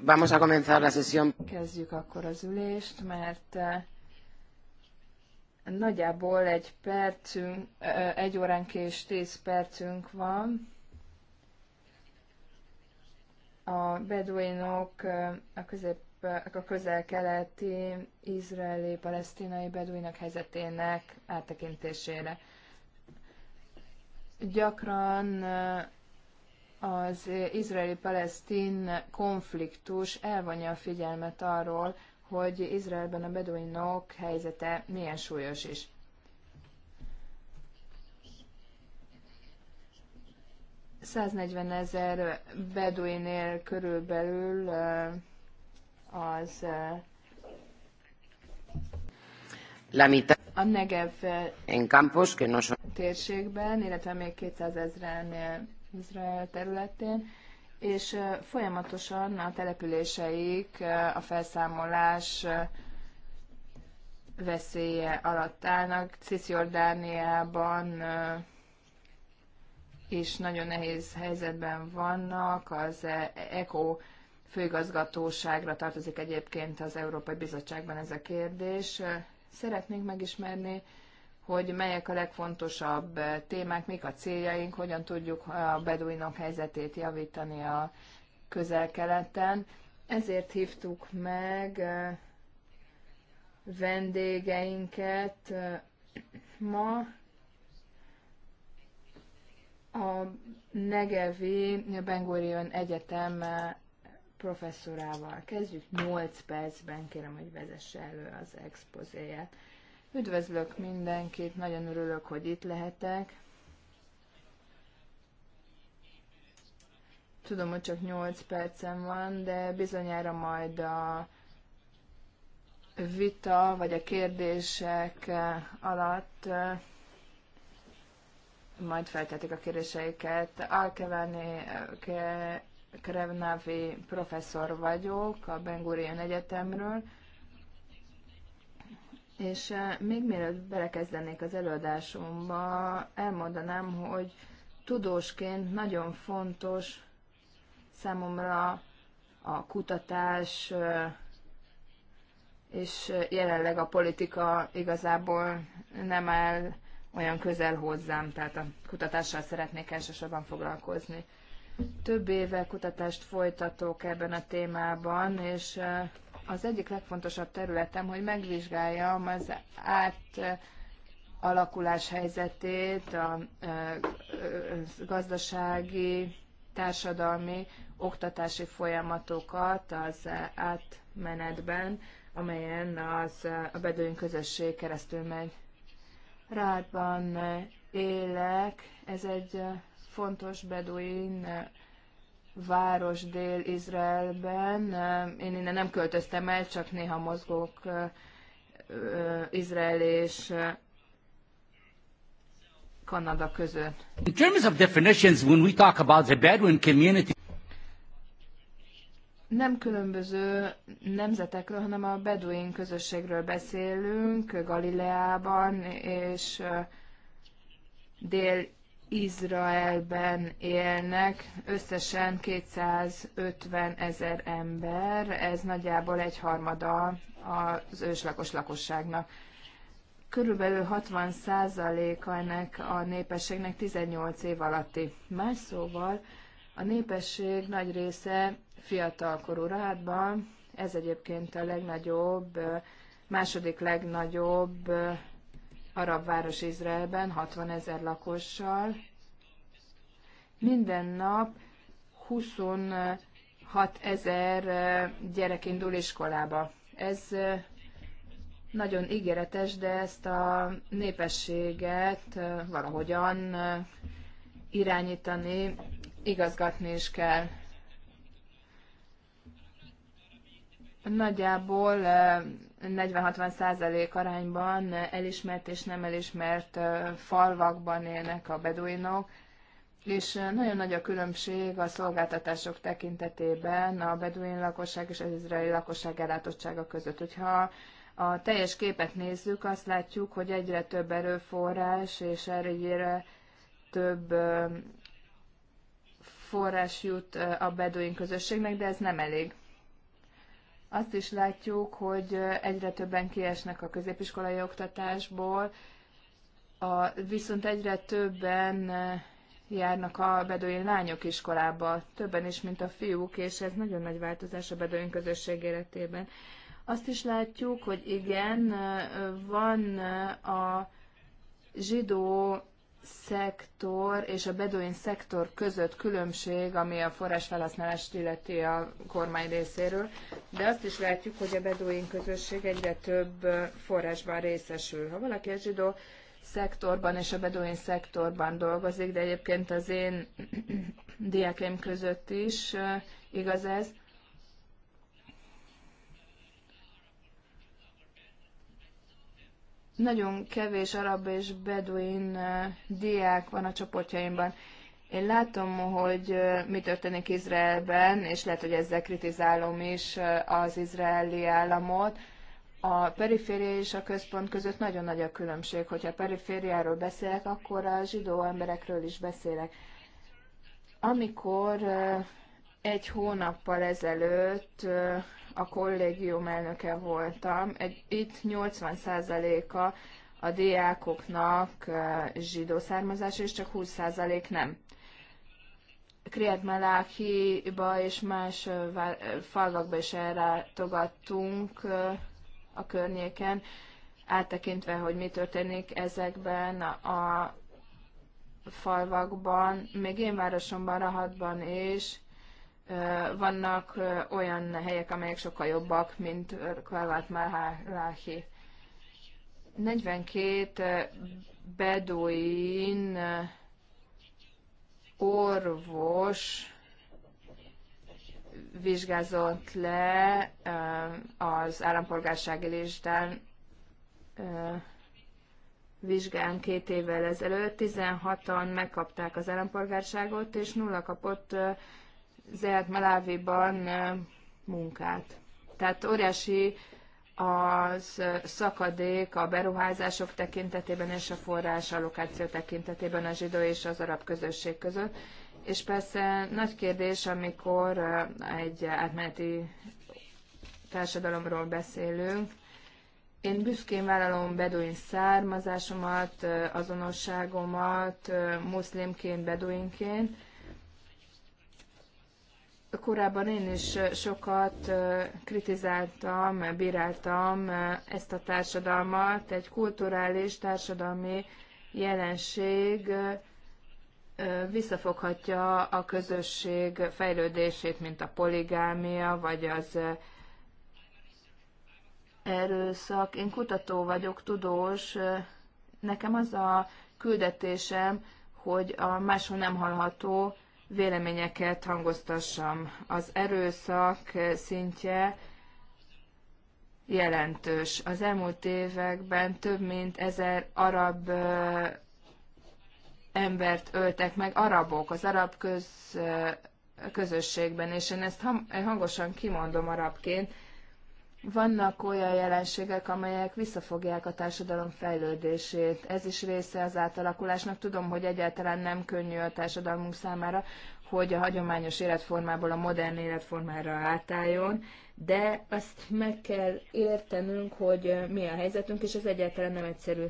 Vamos a comenzar la sesión. Kezdjük akkor az ülést, mert eh, nagyjából egy percünk, eh, egy óránk és tíz percünk van. A beduinok, eh, a közép a közel-keleti izraeli palesztinai beduinok helyzetének áttekintésére. Gyakran az izraeli-palesztin konfliktus elvonja a figyelmet arról, hogy Izraelben a beduinok helyzete milyen súlyos is. ...140 ezer beduinél körülbelül az La a Negev en campos que no son... térségben, illetve még 200 ezernél Izrael területén, és folyamatosan a településeik a felszámolás veszélye alatt állnak. Cisjordániában és nagyon nehéz helyzetben vannak, az ECO főigazgatóságra tartozik egyébként az Európai Bizottságban ez a kérdés. Szeretnénk megismerni hogy melyek a legfontosabb eh, témák, mik a céljaink, hogyan tudjuk a beduinok helyzetét javítani a közel-keleten. Ezért hívtuk meg eh, vendégeinket eh, ma a Negevi Bengurion Egyetem professzorával. Kezdjük 8 percben, kérem, hogy vezesse elő az expozéját. Üdvözlök mindenkit, nagyon örülök, hogy itt lehetek. Tudom, hogy csak 8 percem van, de bizonyára majd a vita vagy a kérdések alatt majd feltetik a kérdéseiket. Alkevelni Krevnávi professzor vagyok a Bengurian Egyetemről, és eh, még mielőtt belekezdenék az előadásomba, elmondanám, hogy tudósként nagyon fontos számomra a kutatás, eh, és jelenleg a politika igazából nem áll olyan közel hozzám, tehát a kutatással szeretnék elsősorban foglalkozni. Több éve kutatást folytatok ebben a témában, és eh, az egyik legfontosabb területem, hogy megvizsgáljam az át alakulás helyzetét, a gazdasági, társadalmi, oktatási folyamatokat az átmenetben, amelyen az, a bedőn közösség keresztül megy. Rádban élek, ez egy fontos beduin város Dél-Izraelben. Eh, én innen nem költöztem el, csak néha mozgok eh, eh, Izrael és Kanada között. In terms of definitions, when we talk about the Bedouin community, nem különböző nemzetekről, hanem a Beduin közösségről beszélünk, Galileában és Dél Izraelben élnek összesen 250 ezer ember, ez nagyjából egy harmada az őslakos lakosságnak. Körülbelül 60 százaléka ennek a népességnek 18 év alatti. Más szóval a népesség nagy része fiatalkorú rádban, ez egyébként a legnagyobb, második legnagyobb arab város Izraelben, 60 ezer lakossal. Minden nap 26 ezer gyerek indul iskolába. Ez nagyon ígéretes, de ezt a népességet valahogyan irányítani, igazgatni is kell. nagyjából 40-60 százalék arányban elismert és nem elismert falvakban élnek a beduinok, és nagyon nagy a különbség a szolgáltatások tekintetében a beduin lakosság és az izraeli lakosság ellátottsága között. Hogyha a teljes képet nézzük, azt látjuk, hogy egyre több erőforrás és egyre több forrás jut a beduin közösségnek, de ez nem elég. Azt is látjuk, hogy egyre többen kiesnek a középiskolai oktatásból, a, viszont egyre többen eh, járnak a bedői lányok iskolába, többen is, mint a fiúk, és ez nagyon nagy változás a bedőin közösség életében. Azt is látjuk, hogy igen, eh, van eh, a zsidó szektor és a beduin szektor között különbség, ami a forrásfelhasználást illeti a kormány részéről, de azt is látjuk, hogy a beduin közösség egyre több forrásban részesül. Ha valaki a zsidó szektorban és a beduin szektorban dolgozik, de egyébként az én diákeim között is eh, igaz ez, Nagyon kevés arab és beduin eh, diák van a csoportjaimban. Én látom, hogy eh, mi történik Izraelben, és lehet, hogy ezzel kritizálom is eh, az izraeli államot. A periféria és a központ között nagyon nagy a különbség. Hogyha a perifériáról beszélek, akkor a zsidó emberekről is beszélek. Amikor egy hónappal ezelőtt a kollégium elnöke voltam. Egy, itt 80%-a a diákoknak zsidó származású, és csak 20% nem. Kriad Melákiba és más falvakba is elrátogattunk a környéken, áttekintve, hogy mi történik ezekben a falvakban, még én városomban, Rahatban is, vannak olyan helyek, amelyek sokkal jobbak, mint Kvávát Mahaláhi. 42 beduin orvos vizsgázott le az állampolgársági listán vizsgán két évvel ezelőtt. 16-an megkapták az állampolgárságot, és nulla kapott végzett Malávéban munkát. Tehát óriási az szakadék a beruházások tekintetében és a forrás allokáció tekintetében a zsidó és az arab közösség között. És persze nagy kérdés, amikor egy átmeneti társadalomról beszélünk. Én büszkén vállalom beduin származásomat, azonosságomat, muszlimként, beduinként, Korábban én is sokat kritizáltam, bíráltam ezt a társadalmat, egy kulturális társadalmi jelenség visszafoghatja a közösség fejlődését, mint a poligámia, vagy az erőszak. Én kutató vagyok, tudós. Nekem az a küldetésem, hogy a máshol nem hallható véleményeket hangoztassam. Az erőszak szintje jelentős. Az elmúlt években több mint ezer arab embert öltek meg, arabok, az arab köz, közösségben, és én ezt hangosan kimondom arabként, vannak olyan jelenségek, amelyek visszafogják a társadalom fejlődését. Ez is része az átalakulásnak. Tudom, hogy egyáltalán nem könnyű a társadalmunk számára, hogy a hagyományos életformából a modern életformára átálljon, de azt meg kell értenünk, hogy mi a helyzetünk, és ez egyáltalán nem egyszerű.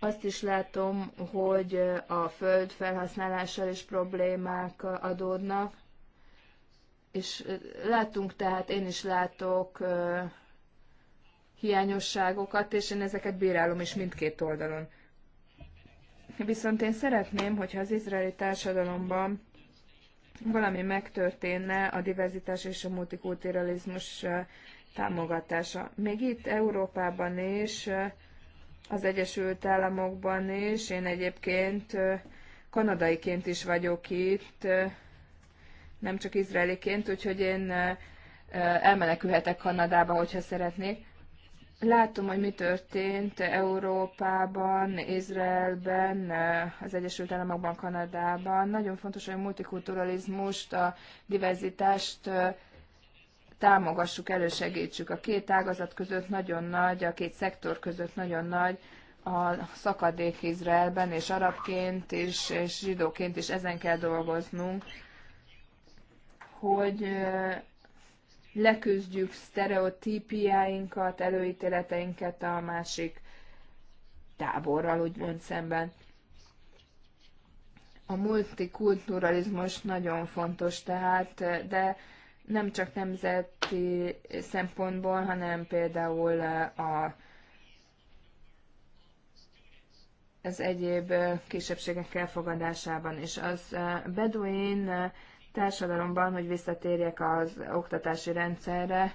Azt is látom, hogy a föld felhasználással is problémák adódnak, és látunk tehát, én is látok hiányosságokat, és én ezeket bírálom is mindkét oldalon. Viszont én szeretném, hogyha az izraeli társadalomban valami megtörténne a diverzitás és a multikulturalizmus támogatása. Még itt Európában is, az Egyesült Államokban is, én egyébként kanadaiként is vagyok itt, nem csak izraeliként, úgyhogy én elmenekülhetek Kanadába, hogyha szeretnék. Látom, hogy mi történt Európában, Izraelben, az Egyesült Államokban, Kanadában. Nagyon fontos, hogy a multikulturalizmust, a diverzitást támogassuk, elősegítsük. A két ágazat között nagyon nagy, a két szektor között nagyon nagy a szakadék Izraelben, és arabként is, és zsidóként is ezen kell dolgoznunk hogy leküzdjük sztereotípiáinkat, előítéleteinket a másik táborral, úgymond szemben. A multikulturalizmus nagyon fontos tehát, de nem csak nemzeti szempontból, hanem például a, az egyéb kisebbségek elfogadásában is. Az beduin társadalomban, hogy visszatérjek az oktatási rendszerre,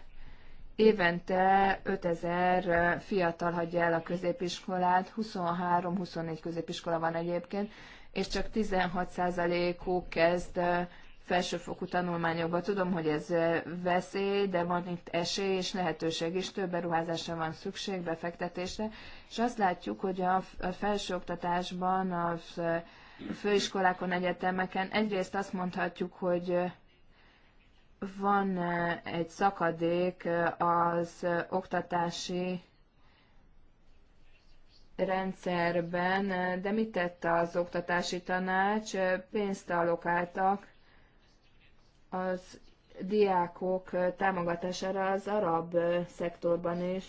évente 5000 fiatal hagyja el a középiskolát, 23-24 középiskola van egyébként, és csak 16%-uk kezd felsőfokú tanulmányokba. Tudom, hogy ez veszély, de van itt esély és lehetőség is, több beruházásra van szükség, befektetésre, és azt látjuk, hogy a felsőoktatásban az főiskolákon, egyetemeken. Egyrészt azt mondhatjuk, hogy van egy szakadék az oktatási rendszerben, de mit tette az oktatási tanács? Pénzt alokáltak az diákok támogatására az arab szektorban is,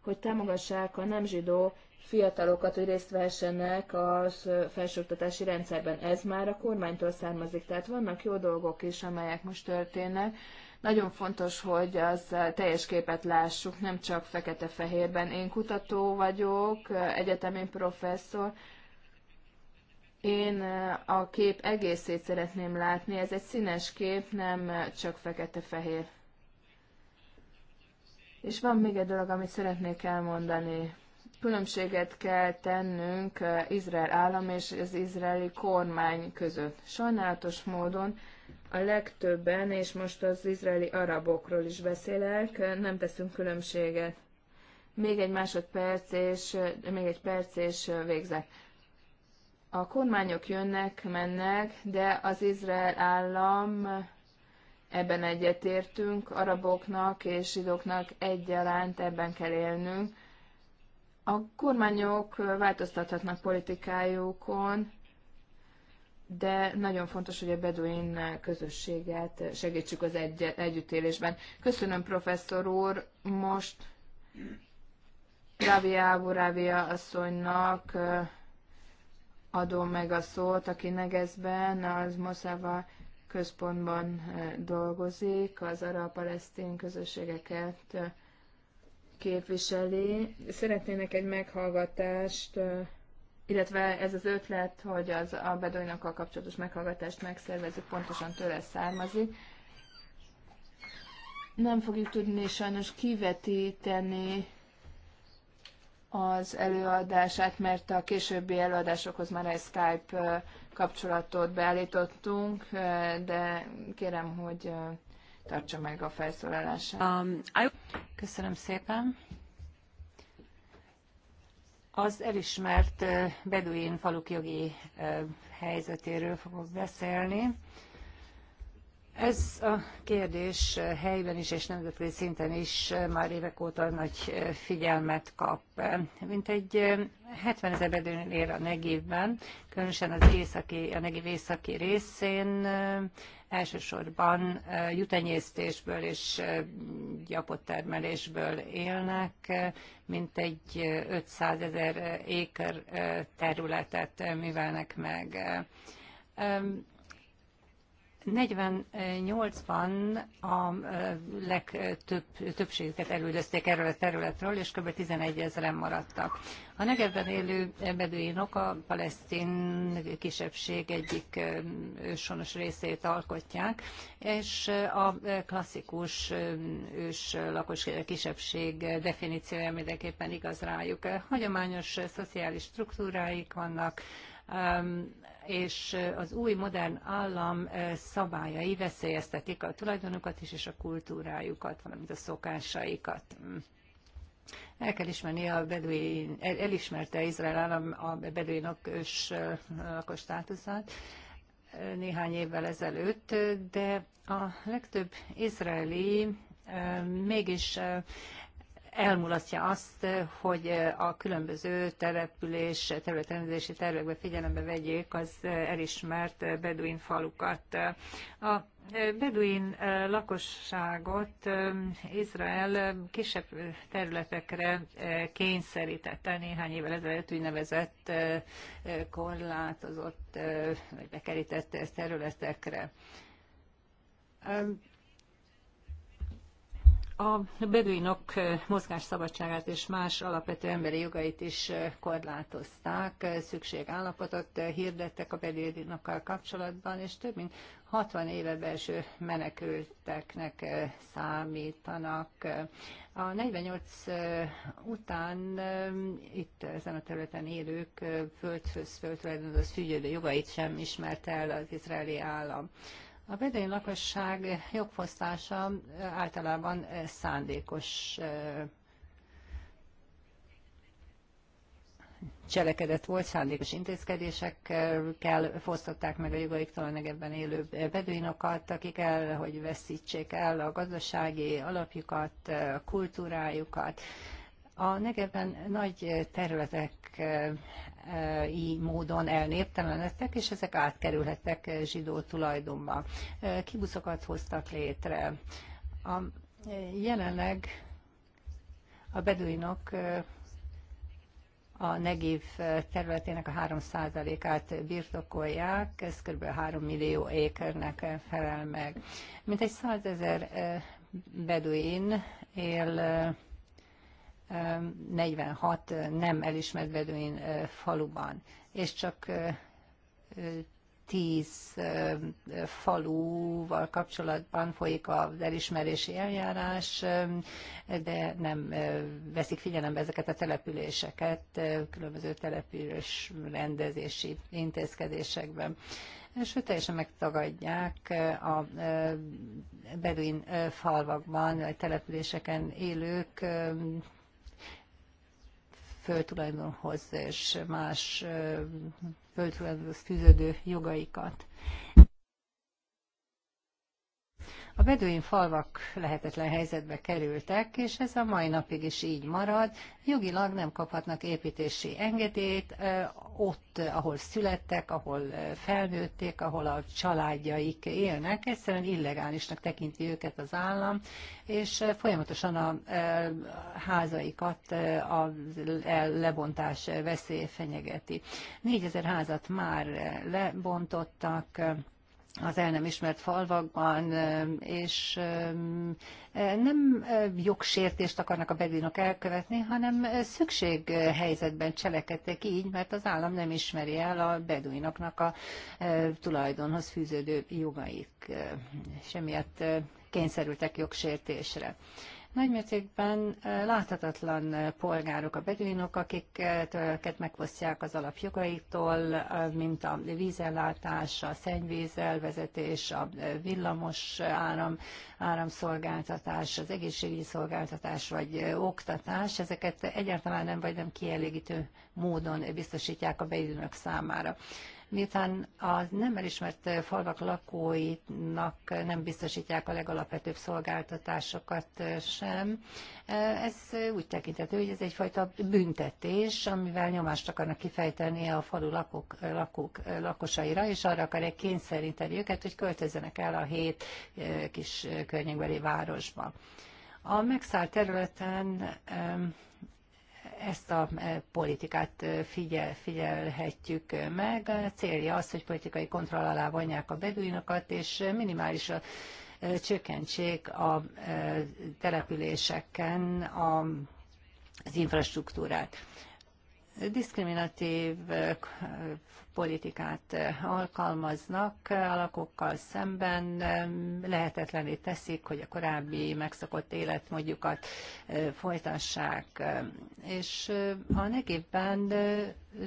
hogy támogassák a nem zsidó fiatalokat, hogy részt vehessenek az felsőoktatási rendszerben. Ez már a kormánytól származik, tehát vannak jó dolgok is, amelyek most történnek. Nagyon fontos, hogy az teljes képet lássuk, nem csak fekete-fehérben. Én kutató vagyok, egyetemi professzor, én a kép egészét szeretném látni, ez egy színes kép, nem csak fekete-fehér. És van még egy dolog, amit szeretnék elmondani. Különbséget kell tennünk Izrael állam és az izraeli kormány között. Sajnálatos módon a legtöbben, és most az izraeli arabokról is beszélek, nem teszünk különbséget. Még egy másodperc, és még egy perc, és végzek. A kormányok jönnek, mennek, de az Izrael állam ebben egyetértünk, araboknak és zsidóknak egyaránt ebben kell élnünk. A kormányok változtathatnak politikájukon, de nagyon fontos, hogy a beduin közösséget segítsük az egy- együttélésben. Köszönöm, professzor úr. Most Rávia Áburávia asszonynak adom meg a szót, aki Negezben, az Moszava központban dolgozik, az arab-palesztin közösségeket képviseli. Szeretnének egy meghallgatást, illetve ez az ötlet, hogy az a bedoinokkal kapcsolatos meghallgatást megszervezzük, pontosan tőle származik. Nem fogjuk tudni sajnos kivetíteni az előadását, mert a későbbi előadásokhoz már egy Skype kapcsolatot beállítottunk, de kérem, hogy tartsa meg a felszólalását. Um, I... Köszönöm szépen. Az elismert eh, beduin faluk jogi eh, helyzetéről fogok beszélni. Ez a kérdés helyben is és nemzetközi szinten is már évek óta nagy figyelmet kap. Mint egy 70 eh, ezer bedőn él a Negívben, különösen az északi, a Negív északi részén, eh, elsősorban eh, jutenyésztésből és gyapottermelésből élnek, mint egy 500 ezer éker területet művelnek meg. 48-ban a legtöbb többségüket elüldözték erről a területről, és kb. 11 ezeren maradtak. A Negevben élő beduinok a palesztin kisebbség egyik őshonos részét alkotják, és a klasszikus ős lakos kisebbség definíciója mindenképpen igaz rájuk. Hagyományos szociális struktúráik vannak, és az új modern állam szabályai veszélyeztetik a tulajdonukat is, és a kultúrájukat, valamint a szokásaikat. Mm. El kell ismerni a beduin, elismerte Izrael állam a beduinok ős lakos státuszát néhány évvel ezelőtt, de a legtöbb izraeli mégis elmulasztja azt, hogy a különböző település, területrendezési tervekbe figyelembe vegyék az elismert beduin falukat. A beduin lakosságot Izrael kisebb területekre kényszerítette néhány évvel ezelőtt úgynevezett eh, korlátozott eh, vagy bekerített területekre. A beduinok mozgásszabadságát és más alapvető emberi jogait is korlátozták, szükségállapotot hirdettek a beduinokkal kapcsolatban, és több mint 60 éve belső menekülteknek számítanak. A 48 után itt ezen a területen élők földhöz, földtulajdonhoz fűgyődő jogait sem ismert el az izraeli állam. A bedőny lakosság jogfosztása általában szándékos cselekedet volt, szándékos intézkedésekkel fosztották meg a jogaiktalanegebben élő beduinokat, akik el, hogy veszítsék el a gazdasági alapjukat, a kultúrájukat. A Negebben nagy területek i módon elnéptelenedtek, és ezek átkerülhettek zsidó tulajdonba. Kibuszokat hoztak létre. A, jelenleg a beduinok a Negív területének a 3%-át birtokolják, ez kb. 3 millió ékernek felel meg. Mint egy 100 ezer beduin él 46 nem elismert beduin faluban, és csak 10 faluval kapcsolatban folyik az elismerési eljárás, de nem veszik figyelembe ezeket a településeket különböző település rendezési intézkedésekben sőt teljesen megtagadják a beduin falvakban, településeken élők földtulajdonhoz és más földtulajdonhoz fűződő jogaikat. A beduin falvak lehetetlen helyzetbe kerültek, és ez a mai napig is így marad. Jogilag nem kaphatnak építési engedélyt ott, ahol születtek, ahol felnőtték, ahol a családjaik élnek. Egyszerűen illegálisnak tekinti őket az állam, és folyamatosan a házaikat a lebontás veszély fenyegeti. 4000 házat már lebontottak, az el nem ismert falvakban, és nem jogsértést akarnak a beduinok elkövetni, hanem szükséghelyzetben cselekedtek így, mert az állam nem ismeri el a beduinoknak a tulajdonhoz fűződő jogaik, és emiatt kényszerültek jogsértésre. Nagymértékben láthatatlan polgárok, a beduinok, akiket megfosztják az alapjogaitól, mint a vízellátás, a szennyvízelvezetés, a villamos áram, áramszolgáltatás, az egészségügyi szolgáltatás vagy oktatás, ezeket egyáltalán nem vagy nem kielégítő módon biztosítják a beduinok számára miután a nem elismert falvak lakóinak nem biztosítják a legalapvetőbb szolgáltatásokat sem, ez úgy tekintető, hogy ez egyfajta büntetés, amivel nyomást akarnak kifejteni a falu lakók, lakók, lakosaira, és arra akarják kényszeríteni őket, hogy költözzenek el a hét kis környékbeli városba. A megszállt területen ezt a e, politikát e, figyel, figyelhetjük meg. A célja az, hogy politikai kontroll alá vonják a beduinokat, és minimális a e, csökkentsék a településeken a az infrastruktúrát diszkriminatív eh, politikát eh, alkalmaznak a lakókkal szemben, eh, lehetetlené teszik, hogy a korábbi megszokott életmódjukat folytassák. És a Negévben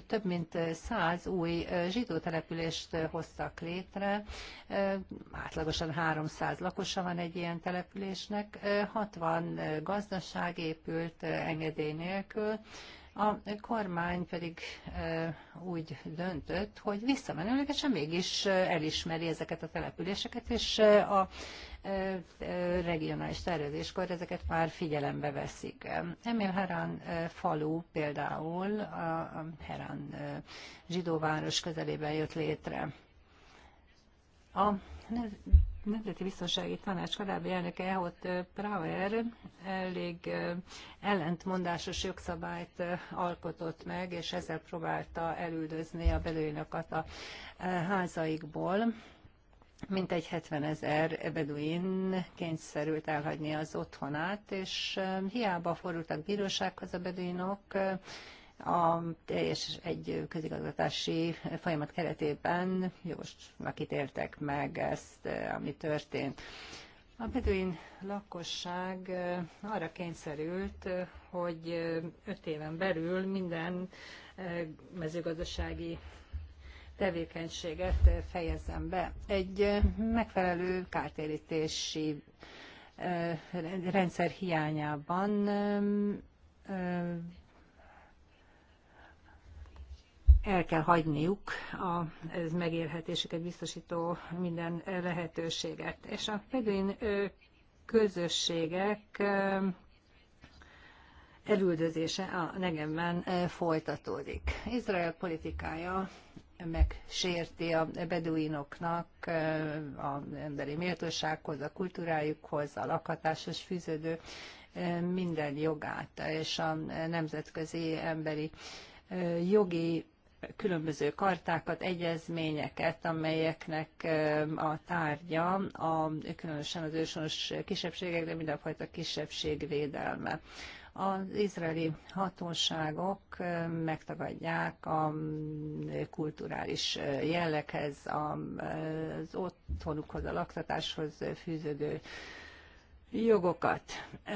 több mint száz új zsidó települést hoztak létre, átlagosan 300 lakosa van egy ilyen településnek, 60 gazdaság épült engedély nélkül, a kormány pedig úgy döntött, hogy visszamenőlegesen mégis elismeri ezeket a településeket, és a regionális tervezéskor ezeket már figyelembe veszik. Emil Herán falu például a Herán zsidóváros közelében jött létre. A Nemzeti Biztonsági Tanács korábbi elnöke Ehot Prauer elég ellentmondásos jogszabályt alkotott meg, és ezzel próbálta elüldözni a beduinokat a házaikból. Mintegy 70 ezer beduin kényszerült elhagyni az otthonát, és hiába fordultak bírósághoz a beduinok, a teljes egy közigazgatási folyamat keretében jósnak értek meg ezt, ami történt. A beduin lakosság arra kényszerült, hogy öt éven belül minden mezőgazdasági tevékenységet fejezzen be. Egy megfelelő kártérítési rendszer hiányában el kell hagyniuk a ez megélhetésüket biztosító minden lehetőséget. És a pedoin közösségek elüldözése a negemben folytatódik. Izrael politikája megsérti a beduinoknak a emberi méltósághoz, a kultúrájukhoz, a lakhatáshoz fűződő minden jogát, és a nemzetközi emberi jogi különböző kartákat, egyezményeket, amelyeknek a tárgya a, különösen az ősonos kisebbségek, de mindenfajta kisebbség védelme. Az izraeli hatóságok megtagadják a kulturális jelleghez, az otthonukhoz, a laktatáshoz fűződő jogokat.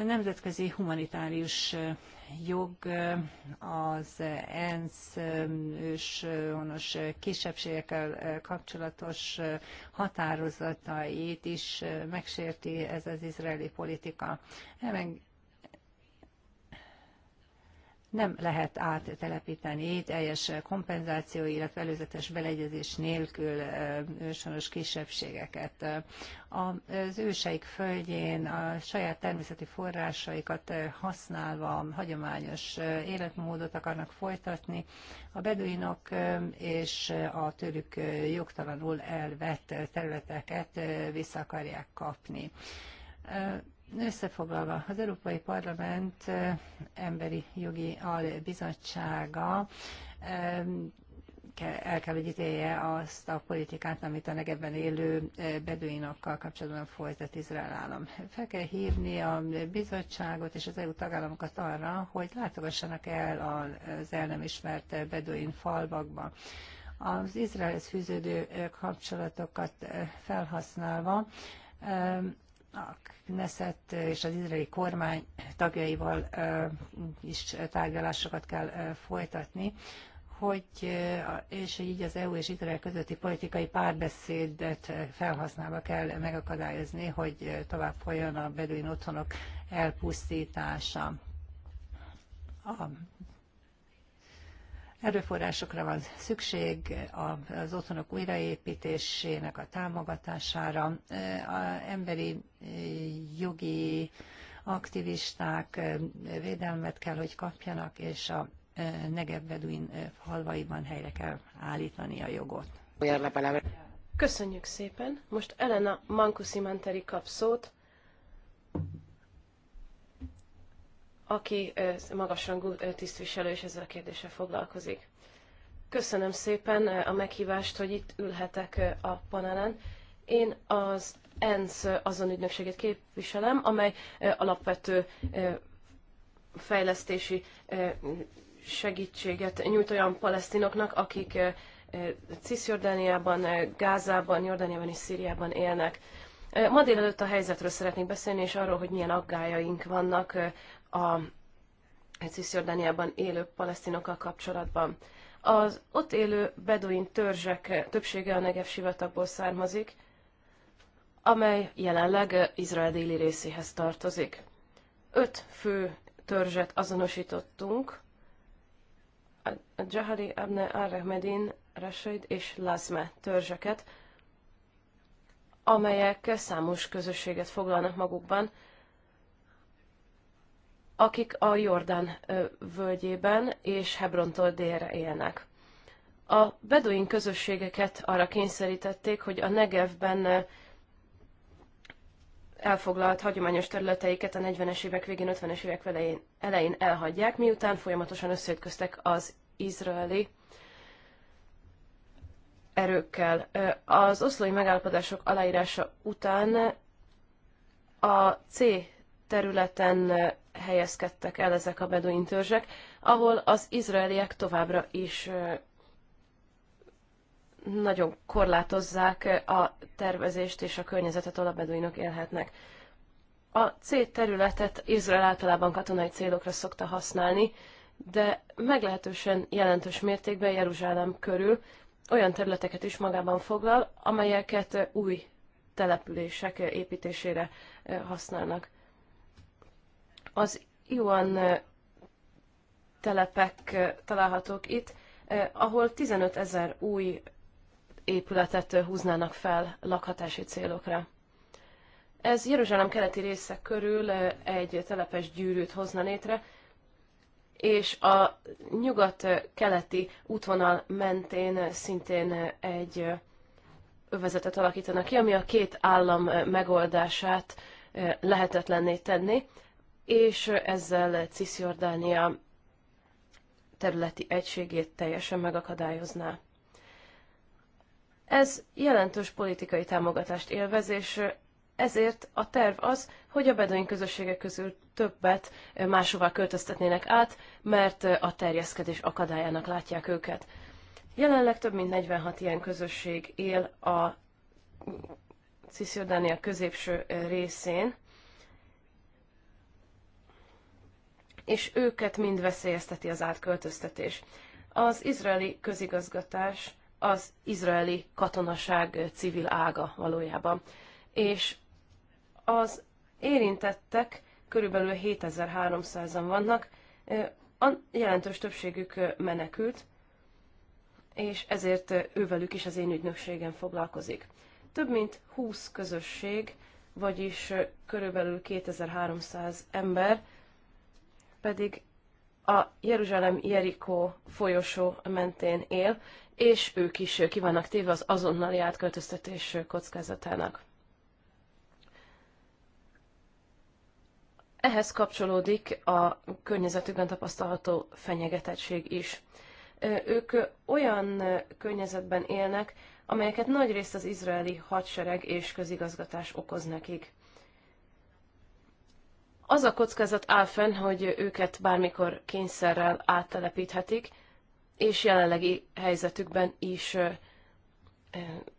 Nemzetközi humanitárius jog az ENSZ őshonos kisebbségekkel kapcsolatos határozatait is megsérti ez az izraeli politika nem lehet áttelepíteni teljes kompenzáció, illetve előzetes beleegyezés nélkül őshonos kisebbségeket. Az őseik földjén a saját természeti forrásaikat használva hagyományos életmódot akarnak folytatni. A beduinok és a tőlük jogtalanul elvett területeket vissza akarják kapni Összefoglalva, az Európai Parlament emberi jogi albizottsága el kell, hogy ítélje azt a politikát, amit a negebben élő beduinokkal kapcsolatban folytat Izrael állam. Fel kell hívni a bizottságot és az EU tagállamokat arra, hogy látogassanak el az el nem ismert beduin falvakba. Az Izraelhez fűződő kapcsolatokat felhasználva a Knesset és az izraeli kormány tagjaival is tárgyalásokat kell folytatni, hogy, és így az EU és Izrael közötti politikai párbeszédet felhasználva kell megakadályozni, hogy tovább folyjon a beduin otthonok elpusztítása. A Erőforrásokra van szükség az otthonok újraépítésének a támogatására, e, a emberi e, jogi aktivisták e, védelmet kell, hogy kapjanak, és a Negev Beduin falvaiban helyre kell állítani a jogot. Köszönjük szépen! Most Elena Mankusi Manteri kap szót, aki magasrangú tisztviselő és ezzel a kérdéssel foglalkozik. Köszönöm szépen a meghívást, hogy itt ülhetek a panelen. Én az ENSZ azon ügynökségét képviselem, amely alapvető fejlesztési segítséget nyújt olyan palesztinoknak, akik Cisjordániában, Gázában, Jordániában és Szíriában élnek. Ma délelőtt a helyzetről szeretnék beszélni, és arról, hogy milyen aggájaink vannak a Cisjordániában élő palesztinokkal kapcsolatban. Az ott élő beduin törzsek többsége a Negev sivatagból származik, amely jelenleg Izrael déli részéhez tartozik. Öt fő törzset azonosítottunk, a Jahari Abne Arrahmedin, Rashid és Lazme törzseket, amelyek számos közösséget foglalnak magukban, akik a Jordán völgyében és Hebrontól délre élnek. A beduin közösségeket arra kényszerítették, hogy a Negevben elfoglalt hagyományos területeiket a 40-es évek végén, 50-es évek elején, elhagyják, miután folyamatosan összeütköztek az izraeli erőkkel. Az oszlói megállapodások aláírása után a C területen helyezkedtek el ezek a beduin törzsek, ahol az izraeliek továbbra is nagyon korlátozzák a tervezést és a környezetet, ahol a beduinok élhetnek. A C területet Izrael általában katonai célokra szokta használni, de meglehetősen jelentős mértékben Jeruzsálem körül olyan területeket is magában foglal, amelyeket új települések építésére használnak. Az Iwan eh, telepek eh, találhatók itt, eh, ahol 15 ezer új épületet húznának fel lakhatási célokra. Ez Jeruzsálem keleti része körül egy telepes gyűrűt hozna létre, és a nyugat-keleti útvonal mentén szintén egy övezetet alakítanak ki, ami a két állam megoldását lehetetlenné tenni, és ezzel Cisjordánia területi egységét teljesen megakadályozná. Ez jelentős politikai támogatást élvez, és ezért a terv az, hogy a beduin közösségek közül többet máshová költöztetnének át, mert a terjeszkedés akadályának látják őket. Jelenleg több mint 46 ilyen közösség él a Cisjordánia középső részén, és őket mind veszélyezteti az átköltöztetés. Az izraeli közigazgatás az izraeli katonaság civil ága valójában, és az érintettek körülbelül 7300-an vannak, a jelentős többségük menekült, és ezért ővelük is az én ügynökségem foglalkozik. Több mint 20 közösség, vagyis körülbelül 2300 ember pedig a Jeruzsálem-Jerikó folyosó mentén él, és ők is ki vannak téve az azonnali átköltöztetés kockázatának. Ehhez kapcsolódik a környezetükben tapasztalható fenyegetettség is. Ők olyan környezetben élnek, amelyeket nagy az izraeli hadsereg és közigazgatás okoz nekik. Az a kockázat áll fenn, hogy őket bármikor kényszerrel áttelepíthetik, és jelenlegi helyzetükben is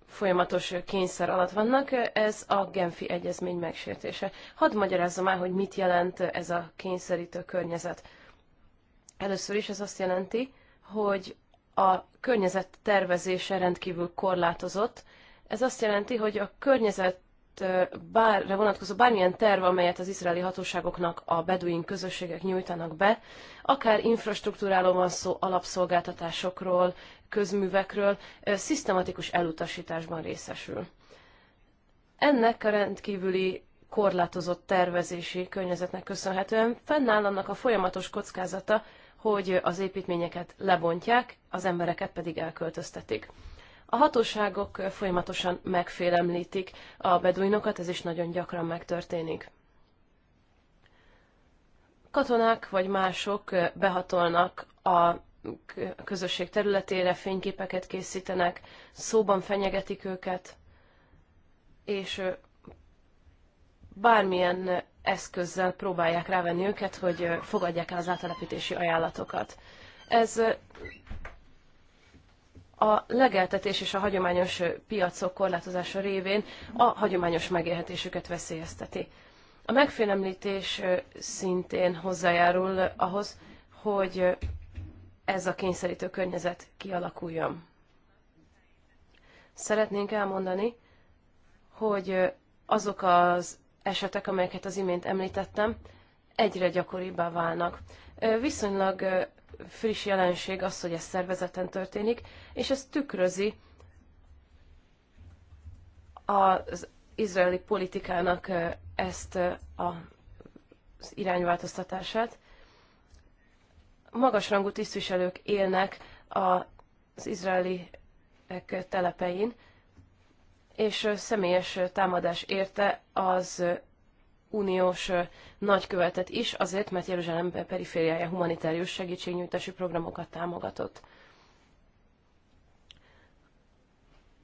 folyamatos kényszer alatt vannak, ez a Genfi Egyezmény megsértése. Hadd magyarázzam el, hogy mit jelent ez a kényszerítő környezet. Először is ez azt jelenti, hogy a környezet tervezése rendkívül korlátozott. Ez azt jelenti, hogy a környezet bárre vonatkozó bármilyen terv, amelyet az izraeli hatóságoknak a beduin közösségek nyújtanak be, akár infrastruktúráról van szó, alapszolgáltatásokról, közművekről, szisztematikus elutasításban részesül. Ennek a rendkívüli korlátozott tervezési környezetnek köszönhetően fennáll annak a folyamatos kockázata, hogy az építményeket lebontják, az embereket pedig elköltöztetik. A hatóságok folyamatosan megfélemlítik a beduinokat, ez is nagyon gyakran megtörténik. Katonák vagy mások behatolnak a közösség területére, fényképeket készítenek, szóban fenyegetik őket, és bármilyen eszközzel próbálják rávenni őket, hogy fogadják el az átelepítési ajánlatokat. Ez a legeltetés és a hagyományos piacok korlátozása révén a hagyományos megélhetésüket veszélyezteti. A megfélemlítés szintén hozzájárul ahhoz, hogy ez a kényszerítő környezet kialakuljon. Szeretnénk elmondani, hogy azok az esetek, amelyeket az imént említettem, egyre gyakoribbá válnak. Viszonylag friss jelenség az, hogy ez szervezeten történik, és ez tükrözi az izraeli politikának ezt az irányváltoztatását. Magasrangú tisztviselők élnek az izraeli telepein, és személyes támadás érte az uniós nagykövetet is, azért, mert Jeruzsálem perifériája humanitárius segítségnyújtási programokat támogatott.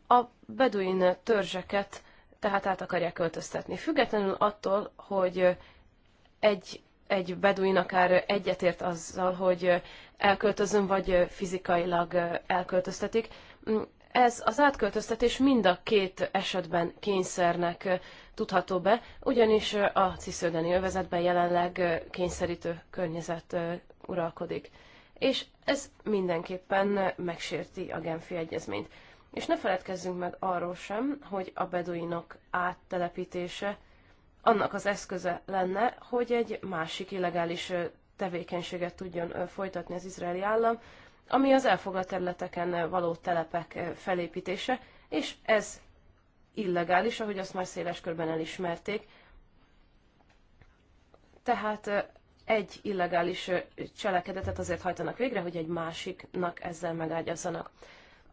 A beduin törzseket tehát át akarják költöztetni. Függetlenül attól, hogy egy, egy beduin akár egyetért azzal, hogy elköltözön, vagy fizikailag elköltöztetik, ez az átköltöztetés mind a két esetben kényszernek tudható be, ugyanis a cisződeni övezetben jelenleg kényszerítő környezet uralkodik. És ez mindenképpen megsérti a Genfi Egyezményt. És ne feledkezzünk meg arról sem, hogy a beduinok áttelepítése annak az eszköze lenne, hogy egy másik illegális tevékenységet tudjon folytatni az izraeli állam, ami az elfogadt területeken való telepek eh, felépítése, és ez illegális, ahogy azt már széles körben elismerték. Tehát eh, egy illegális eh, cselekedetet azért hajtanak végre, hogy egy másiknak ezzel megágyazzanak.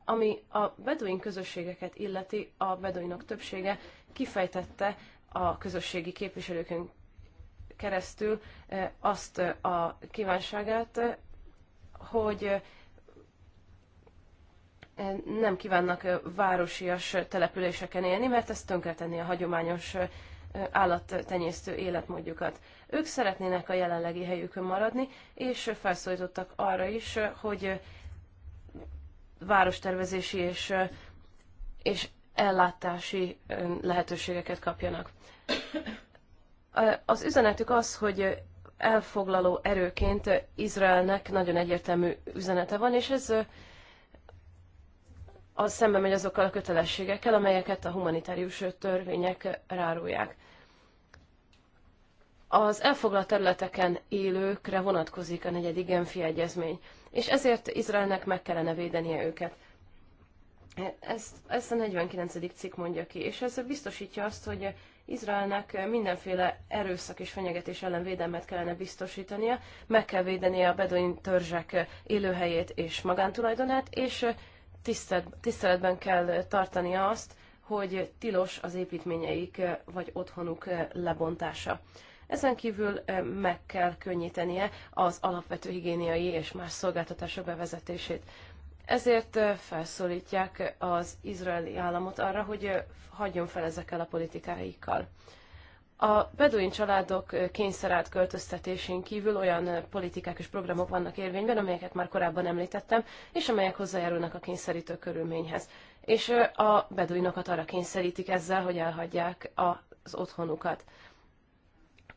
Ami a beduin közösségeket illeti, a beduinok többsége kifejtette a közösségi képviselőkön keresztül azt a kívánságát, hogy nem kívánnak városias településeken élni, mert ez tönkretenni a hagyományos állattenyésztő életmódjukat. Ők szeretnének a jelenlegi helyükön maradni, és felszólítottak arra is, hogy várostervezési és, és ellátási lehetőségeket kapjanak. Az üzenetük az, hogy elfoglaló erőként Izraelnek nagyon egyértelmű üzenete van, és ez az szembe megy azokkal a kötelességekkel, amelyeket a humanitárius törvények rárulják. Az elfoglalt területeken élőkre vonatkozik a negyedik Genfi egyezmény, és ezért Izraelnek meg kellene védenie őket. Ezt, ezt a 49. cikk mondja ki, és ez biztosítja azt, hogy Izraelnek mindenféle erőszak és fenyegetés ellen védelmet kellene biztosítania, meg kell védenie a beduin törzsek élőhelyét és magántulajdonát, és tiszteletben kell tartani azt, hogy tilos az építményeik vagy otthonuk lebontása. Ezen kívül eh, meg kell könnyítenie az alapvető higiéniai és más szolgáltatások bevezetését. Ezért eh, felszólítják az izraeli államot arra, hogy eh, hagyjon fel ezekkel a politikáikkal. A beduin családok kényszerált költöztetésén kívül olyan politikák és programok vannak érvényben, amelyeket már korábban említettem, és amelyek hozzájárulnak a kényszerítő körülményhez. És a beduinokat arra kényszerítik ezzel, hogy elhagyják az otthonukat.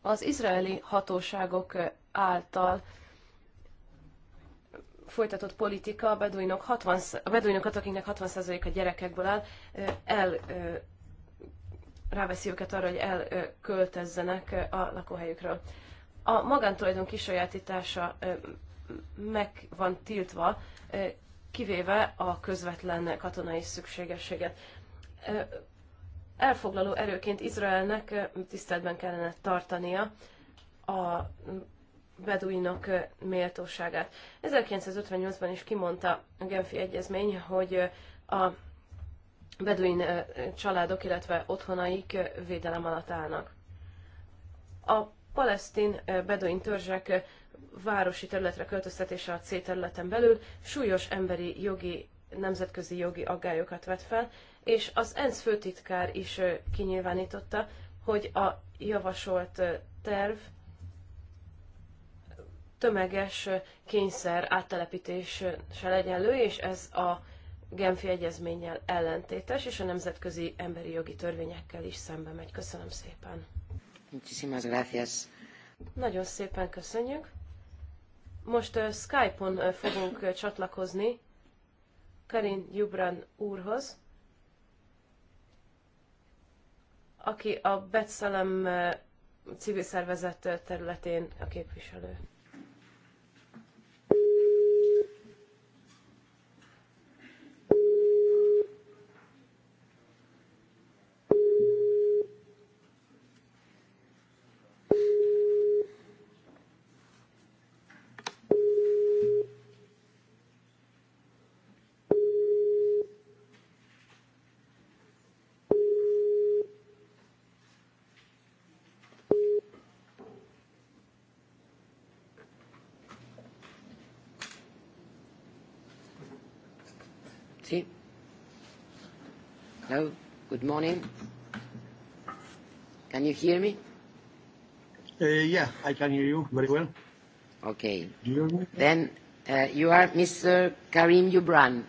Az izraeli hatóságok által folytatott politika a beduinok 60, a beduinokat, akiknek 60%-a gyerekekből áll, el ráveszi őket arra, hogy elköltözzenek a lakóhelyükről. A magántulajdon kisajátítása meg van tiltva, kivéve a közvetlen katonai szükségességet. Elfoglaló erőként Izraelnek tiszteletben kellene tartania a beduinok méltóságát. 1958-ban is kimondta a Genfi Egyezmény, hogy a beduin családok, illetve otthonaik védelem alatt állnak. A palesztin beduin törzsek városi területre költöztetése a C területen belül súlyos emberi jogi, nemzetközi jogi aggályokat vet fel, és az ENSZ főtitkár is kinyilvánította, hogy a javasolt terv tömeges kényszer áttelepítéssel egyenlő, és ez a Genfi egyezménnyel ellentétes, és a nemzetközi emberi jogi törvényekkel is szembe megy. Köszönöm szépen. Muchísimas gracias. Nagyon szépen köszönjük. Most uh, Skype-on uh, fogunk uh, csatlakozni Karin Jubran úrhoz, aki a Betszalem uh, civil szervezet területén a képviselő. Good morning. Can you hear me? Uh, yeah, I can hear you very well. Okay. Do you hear me? Then uh, you are Mr. Karim Yubran.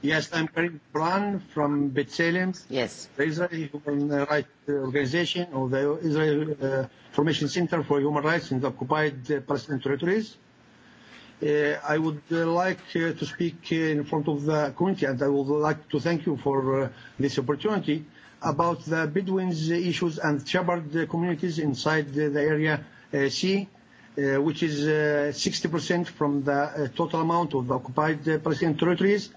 Yes, I'm Karim Yubran from Bethlehem. Yes. The Israeli Human Rights Organization or the Israel uh, Formation Center for Human Rights in the occupied uh, Palestinian territories. Uh, I would uh, like uh, to speak uh, in front of the uh, community, and I would like to thank you for uh, this opportunity about the Bedouins issues and Shepherd communities inside the, the area uh, C, uh, which is uh, 60% from the uh, total amount of the occupied uh, Palestinian territories.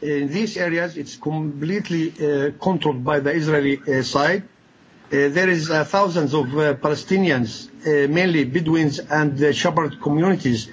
In these areas, it's completely uh, controlled by the Israeli uh, side. Uh, there is uh, thousands of uh, Palestinians, uh, mainly Bedouins and uh, Shepherd communities, uh,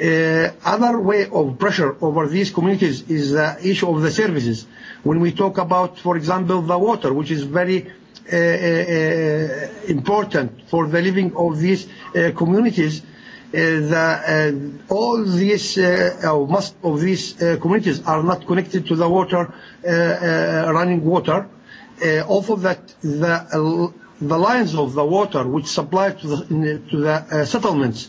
Uh, other way of pressure over these communities is the issue of the services. When we talk about, for example, the water, which is very uh, uh, uh important for the living of these uh, communities, uh, the, uh, all these, uh, uh, most of these uh, communities are not connected to the water, uh, uh, running water. Uh, also that the, uh, the lines of the water which supply to the, uh, to the uh, settlements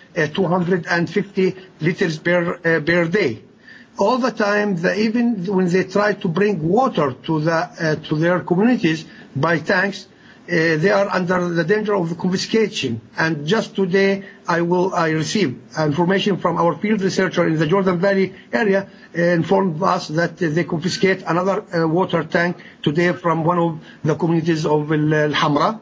250 liters per, uh, per day. All the time, the, even when they try to bring water to, the, uh, to their communities by tanks, uh, they are under the danger of confiscation. And just today, I will I receive information from our field researcher in the Jordan Valley area uh, informed us that uh, they confiscate another uh, water tank today from one of the communities of Al Hamra.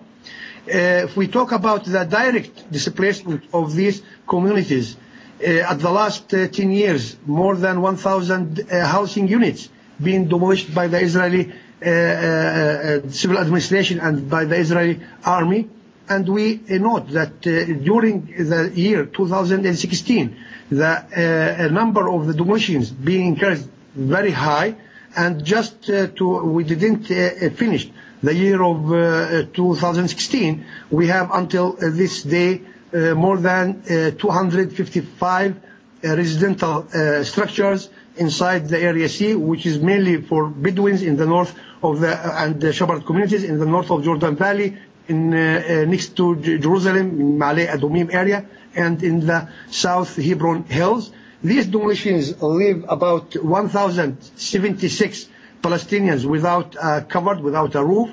Uh, if we talk about the direct displacement of these communities, uh, at the last uh, 10 years, more than 1,000 uh, housing units being demolished by the Israeli uh, uh, uh, civil administration and by the Israeli army. And we uh, note that uh, during the year 2016, the uh, number of the demolitions being carried very high, and just uh, to we didn't uh, uh finish the year of uh, 2016, we have until uh, this day uh, more than uh, 255 uh, residential uh, structures inside the area C, which is mainly for Bedouins in the north of the uh, and the Shabbat communities in the north of Jordan Valley, in uh, uh, next to J- Jerusalem, in Malay Adumim area, and in the south Hebron Hills. These demolitions leave about 1,076 Palestinians without uh, covered, without a roof.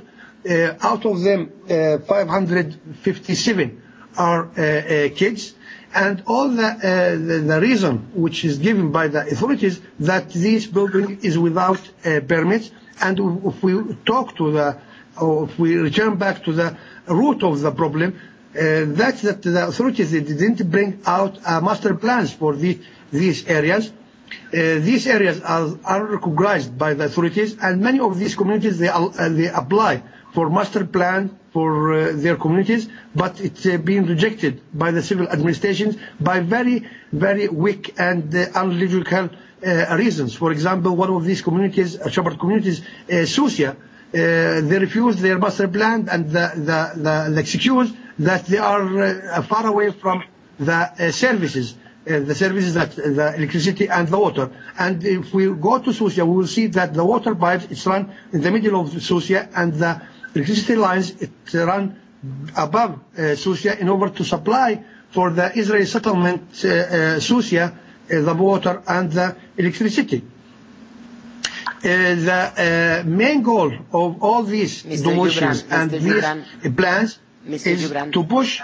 Uh, out of them, uh, 557 are uh, uh, kids. And all the, uh, the, the reason which is given by the authorities that this building is without uh, permits. And if we talk to the, or if we return back to the root of the problem, uh, that's that the authorities didn't bring out uh, master plans for the, these areas Uh, these areas are, are recognized by the authorities and many of these communities they, uh, they apply for master plan for uh, their communities but it's uh, being rejected by the civil administrations by very very weak and uh, unlogical uh, reasons for example one of these communities uh, Shabbat communities uh, Susia uh, they refused their master plan and the, the, the, the excuse that they are uh, far away from the uh, services Uh, the services that the electricity and the water. And if we go to Susia, we will see that the water pipes it's run in the middle of Susia, and the electricity lines it run above uh, Susia in order to supply for the Israeli settlement uh, uh, Susia uh, the water and the electricity. Uh, the uh, main goal of all these Mr. demotions Gibran, and Mr. these Gibran, plans Mr. is Gibran. to push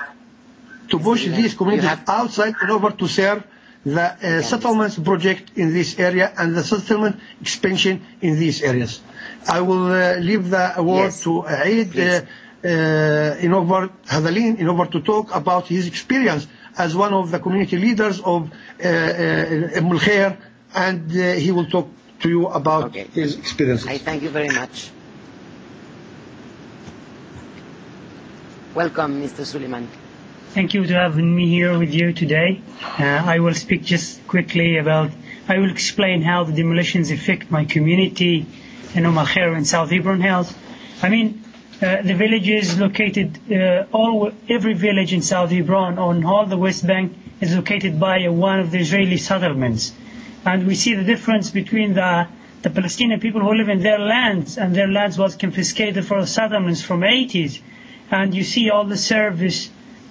to push this community have... outside in order to serve the uh, settlements project in this area and the settlement expansion in these areas. I will uh, leave the word yes. to Aid uh, uh, in over Hadalin in order to talk about his experience as one of the community leaders of uh, uh, umm and uh, he will talk to you about okay. his experience. I thank you very much. Welcome, Mr. Suleiman. Thank you to having me here with you today. Uh, I will speak just quickly about, I will explain how the demolitions affect my community in Omaher and South Hebron Hills. I mean, uh, the villages located, uh, all every village in South Hebron on all the West Bank is located by one of the Israeli settlements. And we see the difference between the, the Palestinian people who live in their lands, and their lands was confiscated for settlements from 80s. And you see all the service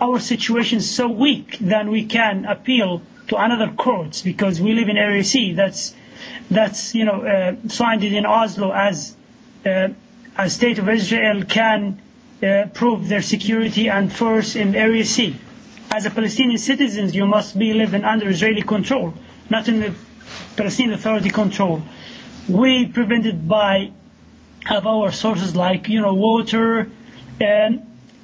our situation is so weak that we can appeal to another courts because we live in Area C. That's that's you know uh, signed it in Oslo as uh, a state of Israel can uh, prove their security and force in Area C. As a Palestinian citizens, you must be living under Israeli control, not in the Palestinian Authority control. We prevented by have our sources like you know water and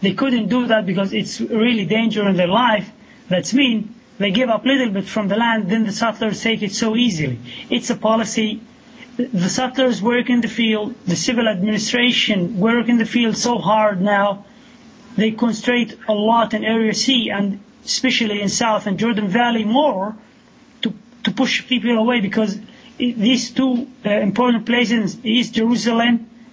They couldn't do that because it's really danger in their life. That's mean they give up a little bit from the land, then the settlers take it so easily. It's a policy. The settlers work in the field, the civil administration work in the field so hard now. They concentrate a lot in Area C and especially in South and Jordan Valley more to, to push people away because these two uh, important places, East Jerusalem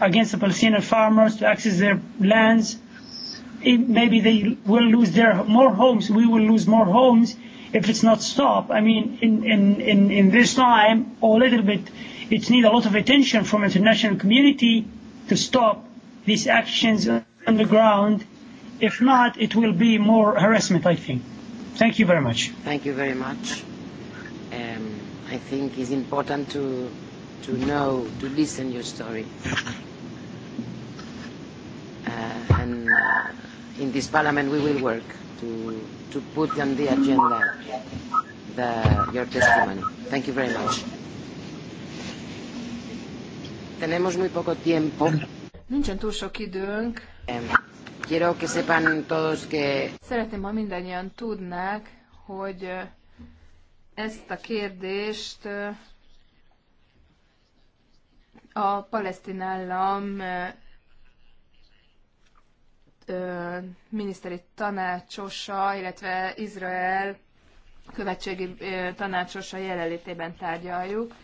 against the Palestinian farmers to access their lands. It, maybe they will lose their more homes. We will lose more homes if it's not stopped. I mean, in, in, in, in this time, or a little bit, it needs a lot of attention from international community to stop these actions on the ground. If not, it will be more harassment, I think. Thank you very much. Thank you very much. Um, I think it's important to to know, to listen your story uh, and uh, in this parliament we will work to, to put on the agenda the, your testimony. Thank you very much. Tenemos muy poco tiempo. Nincsen túl sok időnk. Quiero que sepan todos que... Szeretném, ha mindannyian tudnák, hogy uh, ezt a kérdést uh, a palesztin állam uh, miniszteri tanácsosa, illetve Izrael követségi tanácsosa jelenlétében tárgyaljuk.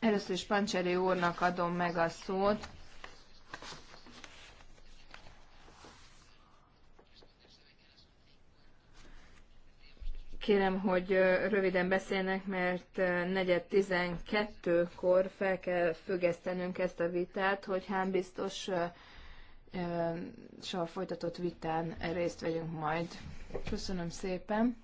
Először is Pancseri úrnak adom meg a szót. Kérem, hogy röviden beszélnek, mert 412 kor fel kell függesztenünk ezt a vitát, hogy hán biztos sor folytatott vitán részt vegyünk majd. Köszönöm szépen!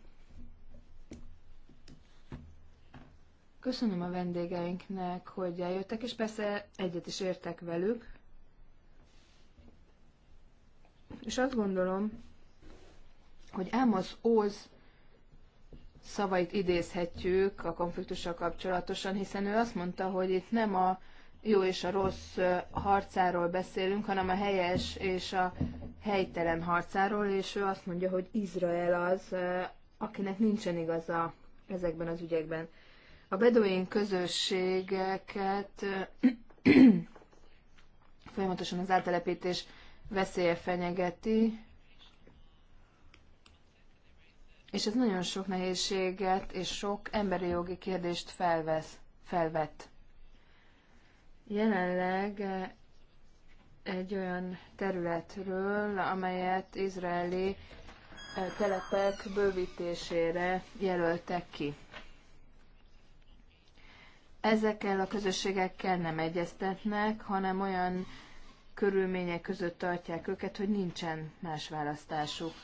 Köszönöm a vendégeinknek, hogy eljöttek, és persze egyet is értek velük. És azt gondolom, hogy Ámosz Óz szavait idézhetjük a konfliktussal kapcsolatosan, hiszen ő azt mondta, hogy itt nem a jó és a rossz harcáról beszélünk, hanem a helyes és a helytelen harcáról, és ő azt mondja, hogy Izrael az, akinek nincsen igaza ezekben az ügyekben. A beduin közösségeket folyamatosan az áttelepítés veszélye fenyegeti, és ez nagyon sok nehézséget és sok emberi jogi kérdést felvesz, felvett. Jelenleg eh, egy olyan területről, amelyet izraeli eh, telepek bővítésére jelöltek ki. Ezekkel a közösségekkel nem egyeztetnek, hanem olyan körülmények között tartják őket, hogy nincsen más választásuk.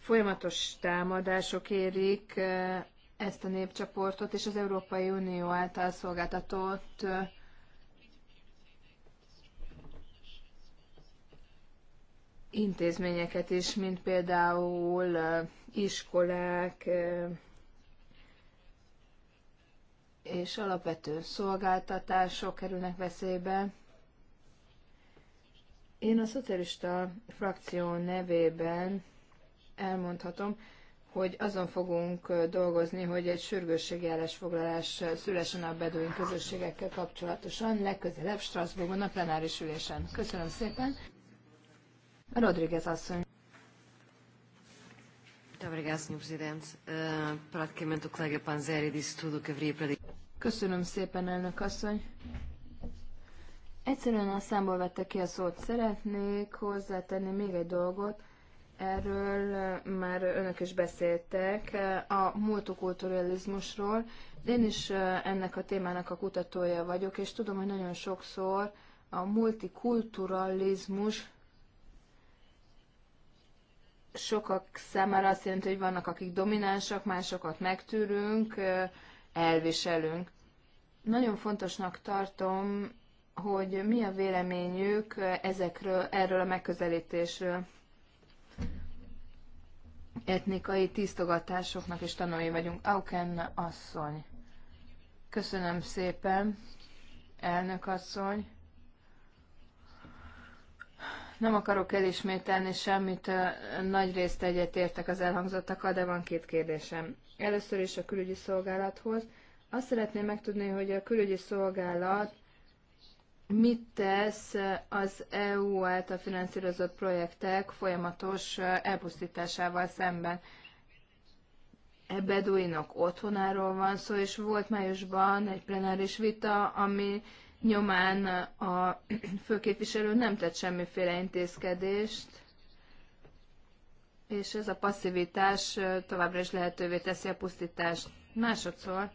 Folyamatos támadások érik eh, ezt a népcsoportot és az Európai Unió által szolgáltatott intézményeket is, mint például iskolák és alapvető szolgáltatások kerülnek veszélybe. Én a szocialista frakció nevében elmondhatom, hogy azon fogunk dolgozni, hogy egy sürgősségi állásfoglalás szülesen a bedőink közösségekkel kapcsolatosan, legközelebb Strasbourgon a plenáris ülésen. Köszönöm szépen. Rodriguez asszony. Eh, Köszönöm szépen, elnök asszony. Egyszerűen a számból vette ki a szót. Szeretnék hozzátenni még egy dolgot. Erről már önök is beszéltek, a multikulturalizmusról. Én is ennek a témának a kutatója vagyok, és tudom, hogy nagyon sokszor a multikulturalizmus sokak számára azt jelenti, hogy vannak, akik dominánsak, másokat megtűrünk, elviselünk. Nagyon fontosnak tartom, hogy mi a véleményük ezekről, erről a megközelítésről etnikai tisztogatásoknak is tanulni vagyunk. Auken asszony. Köszönöm szépen, elnök asszony. Nem akarok elismételni semmit, nagy részt egyetértek az elhangzottakkal, de van két kérdésem. Először is a külügyi szolgálathoz. Azt szeretném megtudni, hogy a külügyi szolgálat mit tesz az EU által finanszírozott projektek folyamatos elpusztításával szemben. Ebeduinok otthonáról van szó, és volt májusban egy plenáris vita, ami nyomán a főképviselő nem tett semmiféle intézkedést, és ez a passzivitás továbbra is lehetővé teszi a pusztítást. Másodszor,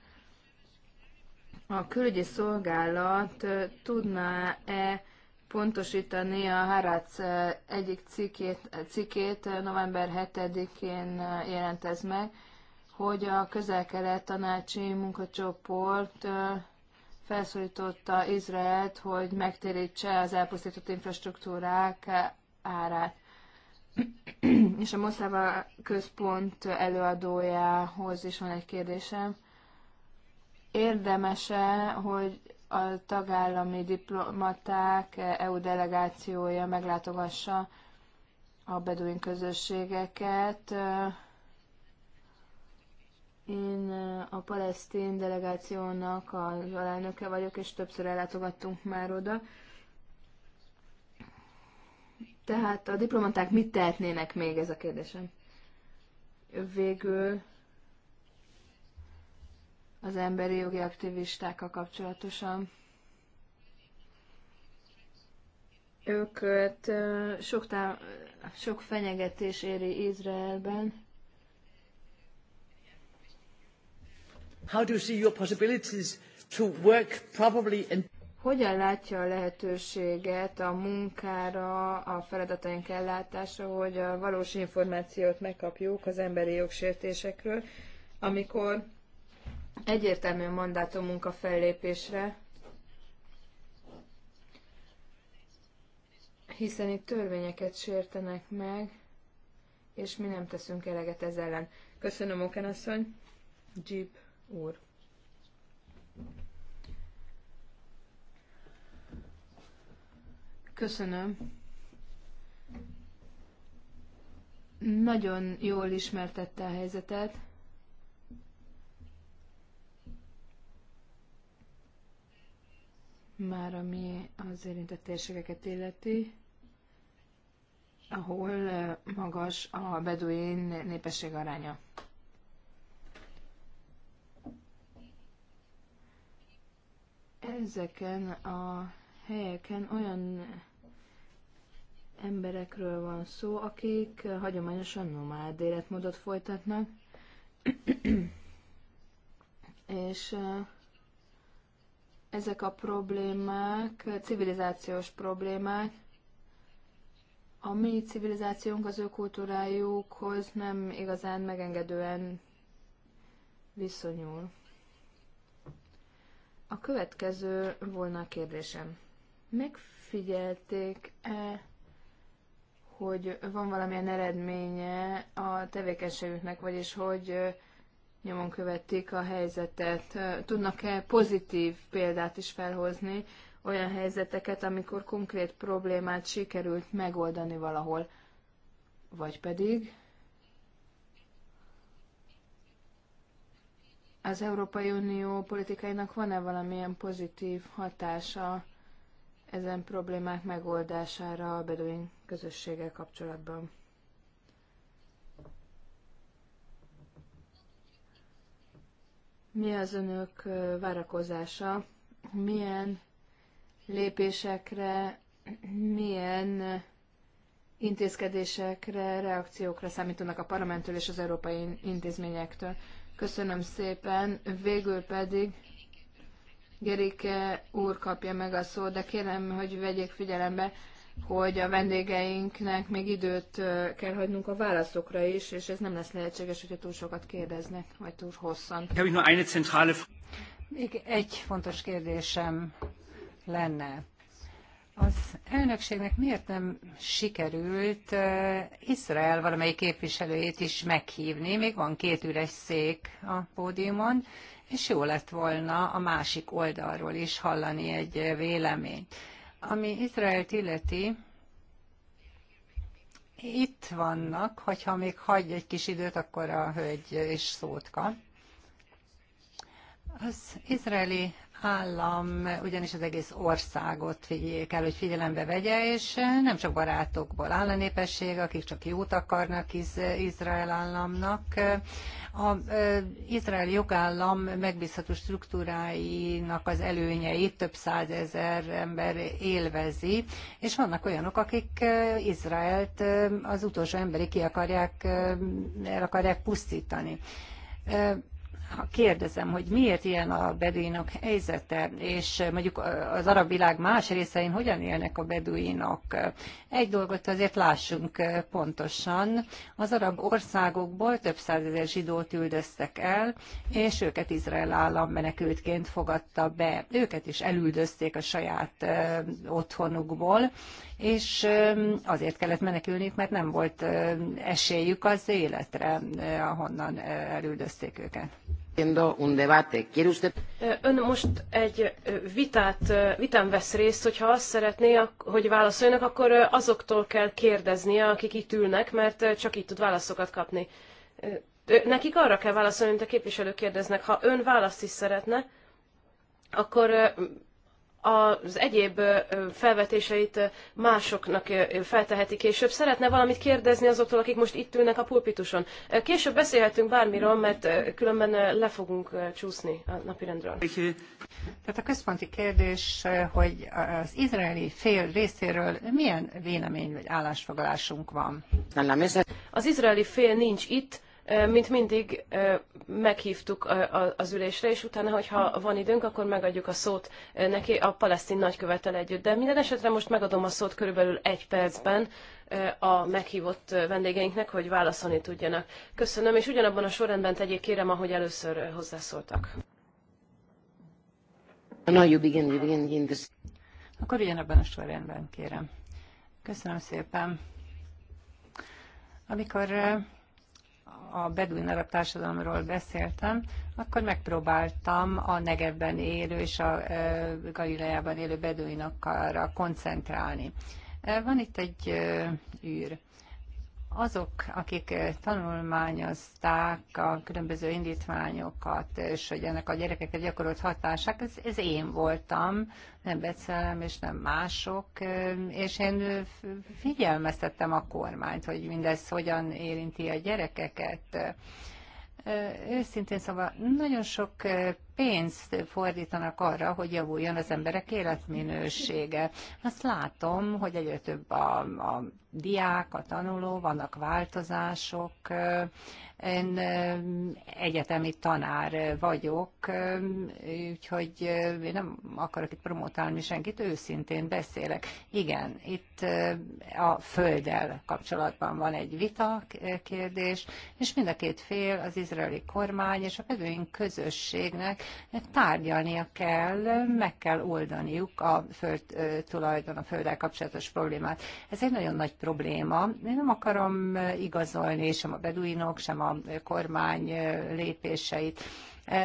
a külügyi szolgálat tudná-e pontosítani a Harac egyik cikét, cikét november 7-én jelentez meg, hogy a közel-kelet tanácsi munkacsoport felszólította Izraelt, hogy megtérítse az elpusztított infrastruktúrák árát. És a Moszava központ előadójához is van egy kérdésem érdemese, hogy a tagállami diplomaták EU delegációja meglátogassa a beduin közösségeket. Én a palesztin delegációnak az alelnöke vagyok, és többször ellátogattunk már oda. Tehát a diplomaták mit tehetnének még ez a kérdésem? Végül az emberi jogi aktivistákkal kapcsolatosan. Őket hát, sok, tá- sok fenyegetés éri Izraelben. How do you see your possibilities to work probably and hogyan látja a lehetőséget a munkára, a feladataink ellátása, hogy a valós információt megkapjuk az emberi jogsértésekről, amikor Egyértelmű mandátumunk a fellépésre, hiszen itt törvényeket sértenek meg, és mi nem teszünk eleget ez ellen. Köszönöm, Oken Jeep úr. Köszönöm. Nagyon jól ismertette a helyzetet. már ami az érintett térségeket illeti, ahol magas a beduin népesség aránya. Ezeken a helyeken olyan emberekről van szó, akik hagyományosan nomád életmódot folytatnak, és ezek a problémák civilizációs problémák. A mi civilizációnk az ő kultúrájukhoz nem igazán megengedően viszonyul. A következő volna a kérdésem. Megfigyelték-e, hogy van valamilyen eredménye a tevékenységüknek, vagyis hogy nyomon követik a helyzetet. Tudnak-e pozitív példát is felhozni, olyan helyzeteket, amikor konkrét problémát sikerült megoldani valahol? Vagy pedig az Európai Unió politikainak van-e valamilyen pozitív hatása ezen problémák megoldására a beduin közössége kapcsolatban? Mi az önök várakozása? Milyen lépésekre, milyen intézkedésekre, reakciókra számítanak a parlamenttől és az európai intézményektől? Köszönöm szépen. Végül pedig Gerike úr kapja meg a szót, de kérem, hogy vegyék figyelembe, hogy a vendégeinknek még időt kell hagynunk a válaszokra is, és ez nem lesz lehetséges, hogyha túl sokat kérdeznek, vagy túl hosszan. Még egy fontos kérdésem lenne. Az elnökségnek miért nem sikerült Izrael valamelyik képviselőjét is meghívni? Még van két üres szék a pódiumon, és jó lett volna a másik oldalról is hallani egy véleményt. Ami Izraelt illeti, itt vannak, hogyha még hagy egy kis időt, akkor a hölgy is szót kap. Az izraeli állam, ugyanis az egész országot figyeljék el, hogy figyelembe vegye, és nem csak barátokból áll a népesség, akik csak jót akarnak Iz- Izrael államnak. A e, Izrael jogállam megbízható struktúráinak az előnyeit több százezer ember élvezi, és vannak olyanok, akik Izraelt az utolsó emberi ki akarják, el akarják pusztítani. E, ha kérdezem, hogy miért ilyen a beduinok helyzete, és mondjuk az arab világ más részein hogyan élnek a beduinok. Egy dolgot azért lássunk pontosan. Az arab országokból több százezer zsidót üldöztek el, és őket Izrael állam menekültként fogadta be. Őket is elüldözték a saját otthonukból, és azért kellett menekülniük, mert nem volt esélyük az életre, ahonnan elüldözték őket. Ön most egy vitát, vitán vesz részt, hogyha azt szeretné, hogy válaszoljanak, akkor azoktól kell kérdeznie, akik itt ülnek, mert csak így tud válaszokat kapni. Nekik arra kell válaszolni, amit a képviselők kérdeznek. Ha ön választ is szeretne, akkor az egyéb felvetéseit másoknak felteheti később. Szeretne valamit kérdezni azoktól, akik most itt ülnek a pulpituson. Később beszélhetünk bármiről, mert különben le fogunk csúszni a napirendről. Tehát a központi kérdés, hogy az izraeli fél részéről milyen vélemény vagy állásfoglalásunk van? Az izraeli fél nincs itt, mint mindig meghívtuk az ülésre, és utána, hogyha van időnk, akkor megadjuk a szót neki a palesztin nagykövetel együtt. De minden esetre most megadom a szót körülbelül egy percben a meghívott vendégeinknek, hogy válaszolni tudjanak. Köszönöm, és ugyanabban a sorrendben tegyék kérem, ahogy először hozzászóltak. No, you begin, you begin in this. Akkor ugyanabban a sorrendben kérem. Köszönöm szépen. Amikor a beduin arab társadalomról beszéltem, akkor megpróbáltam a Negevben élő és a e, Galileában élő beduinokra koncentrálni. E, van itt egy e, űr azok, akik tanulmányozták a különböző indítványokat, és hogy ennek a gyerekekre gyakorolt hatását, ez, ez én voltam, nem Becelem és nem mások, és én figyelmeztettem a kormányt, hogy mindez hogyan érinti a gyerekeket őszintén szóval nagyon sok pénzt fordítanak arra, hogy javuljon az emberek életminősége. Azt látom, hogy egyre több a, a diák, a tanuló, vannak változások, én egyetemi tanár vagyok, úgyhogy én nem akarok itt promotálni senkit, őszintén beszélek. Igen, itt a földdel kapcsolatban van egy vita kérdés, és mind a két fél, az izraeli kormány és a pedőink közösségnek tárgyalnia kell, meg kell oldaniuk a föld tulajdon, a földdel kapcsolatos problémát. Ez egy nagyon nagy probléma. Én nem akarom igazolni sem a beduinok, sem a kormány lépéseit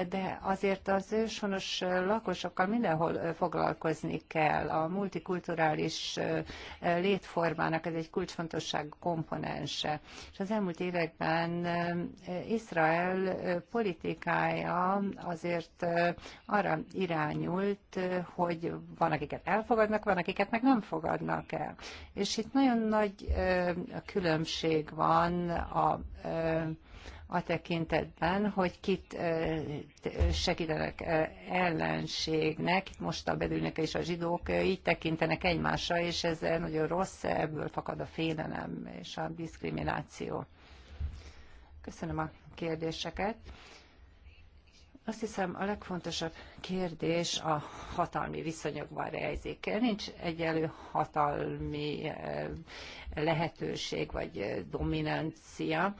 de azért az őshonos lakosokkal mindenhol foglalkozni kell. A multikulturális létformának ez egy kulcsfontosság komponense. És az elmúlt években Izrael politikája azért arra irányult, hogy van, akiket elfogadnak, van, akiket meg nem fogadnak el. És itt nagyon nagy különbség van a a tekintetben, hogy kit segítenek ellenségnek, most a bedűnök és a zsidók így tekintenek egymásra, és ez nagyon rossz, ebből fakad a félelem és a diszkrimináció. Köszönöm a kérdéseket. Azt hiszem, a legfontosabb kérdés a hatalmi viszonyokban rejzik. Nincs egyelő hatalmi lehetőség vagy dominancia.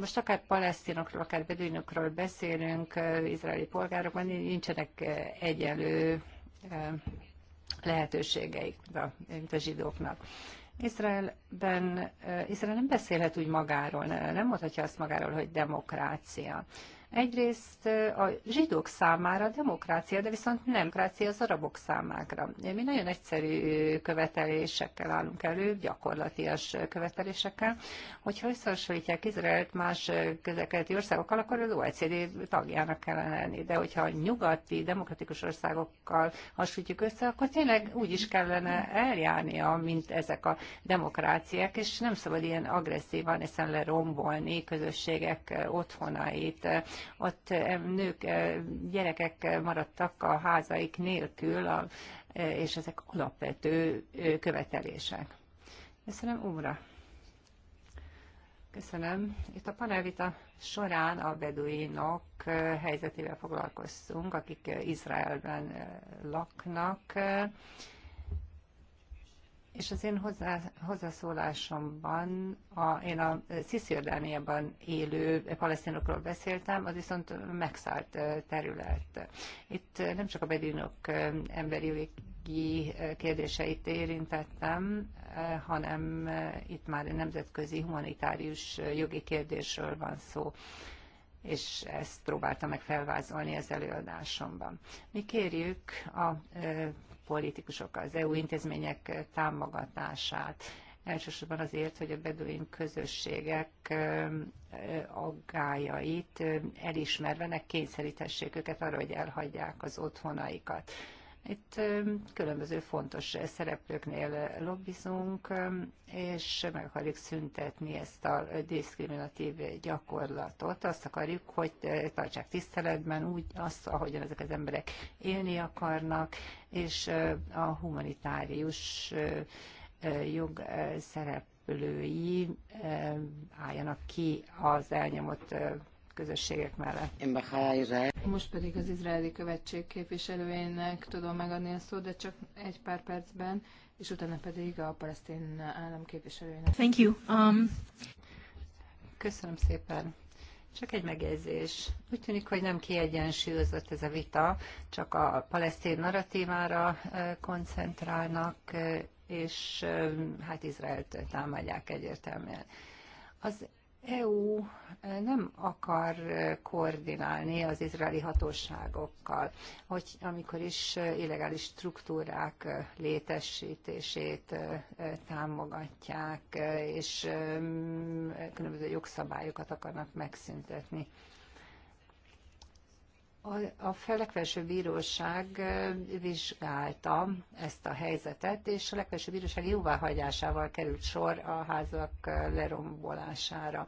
Most akár palesztinokról, akár beduinokról beszélünk, izraeli polgárokban nincsenek egyenlő lehetőségeik, mint a zsidóknak. Izraelben, Izrael nem beszélhet úgy magáról, nem mondhatja azt magáról, hogy demokrácia. Egyrészt a zsidók számára demokrácia, de viszont nem demokrácia az arabok számára. Mi nagyon egyszerű követelésekkel állunk elő, gyakorlatias követelésekkel. Hogyha összehasonlítják Izraelt más közelkeleti országokkal, akkor az OECD tagjának kellene lenni. De hogyha nyugati, demokratikus országokkal hasonlítjuk össze, akkor tényleg úgy is kellene eljárnia, mint ezek a demokráciák, és nem szabad ilyen agresszívan, hiszen lerombolni közösségek otthonait, ott nők, gyerekek maradtak a házaik nélkül, a, és ezek alapvető követelések. Köszönöm, Umra. Köszönöm. Itt a panelvita során a beduinok helyzetével foglalkoztunk, akik Izraelben laknak és az én hozzá, hozzászólásomban a, én a Cisziordániában élő palesztinokról beszéltem, az viszont megszállt terület. Itt nem csak a bedínok emberi jogi kérdéseit érintettem, hanem itt már a nemzetközi humanitárius jogi kérdésről van szó és ezt próbáltam meg felvázolni az előadásomban. Mi kérjük a politikusok, az EU intézmények támogatását. Elsősorban azért, hogy a beduin közösségek aggájait elismerve ne kényszerítessék őket arra, hogy elhagyják az otthonaikat itt különböző fontos szereplőknél lobbizunk, és meg akarjuk szüntetni ezt a diszkriminatív gyakorlatot. Azt akarjuk, hogy tartsák tiszteletben úgy azt, ahogyan ezek az emberek élni akarnak, és a humanitárius jog szereplői álljanak ki az elnyomott közösségek mellett. Most pedig az izraeli követség képviselőjének tudom megadni a szót, de csak egy pár percben, és utána pedig a palesztin állam képviselőjének. Thank you. Um... Köszönöm szépen. Csak egy megjegyzés. Úgy tűnik, hogy nem kiegyensúlyozott ez a vita, csak a palesztin narratívára koncentrálnak, és hát Izraelt támadják egyértelműen. Az EU eh, nem akar eh, koordinálni az izraeli hatóságokkal, hogy amikor is eh, illegális struktúrák létesítését támogatják, és különböző jogszabályokat akarnak megszüntetni. A, a legfelsőbb bíróság eh, vizsgálta ezt a helyzetet, és a legfelső bíróság jóváhagyásával került sor a házak eh, lerombolására.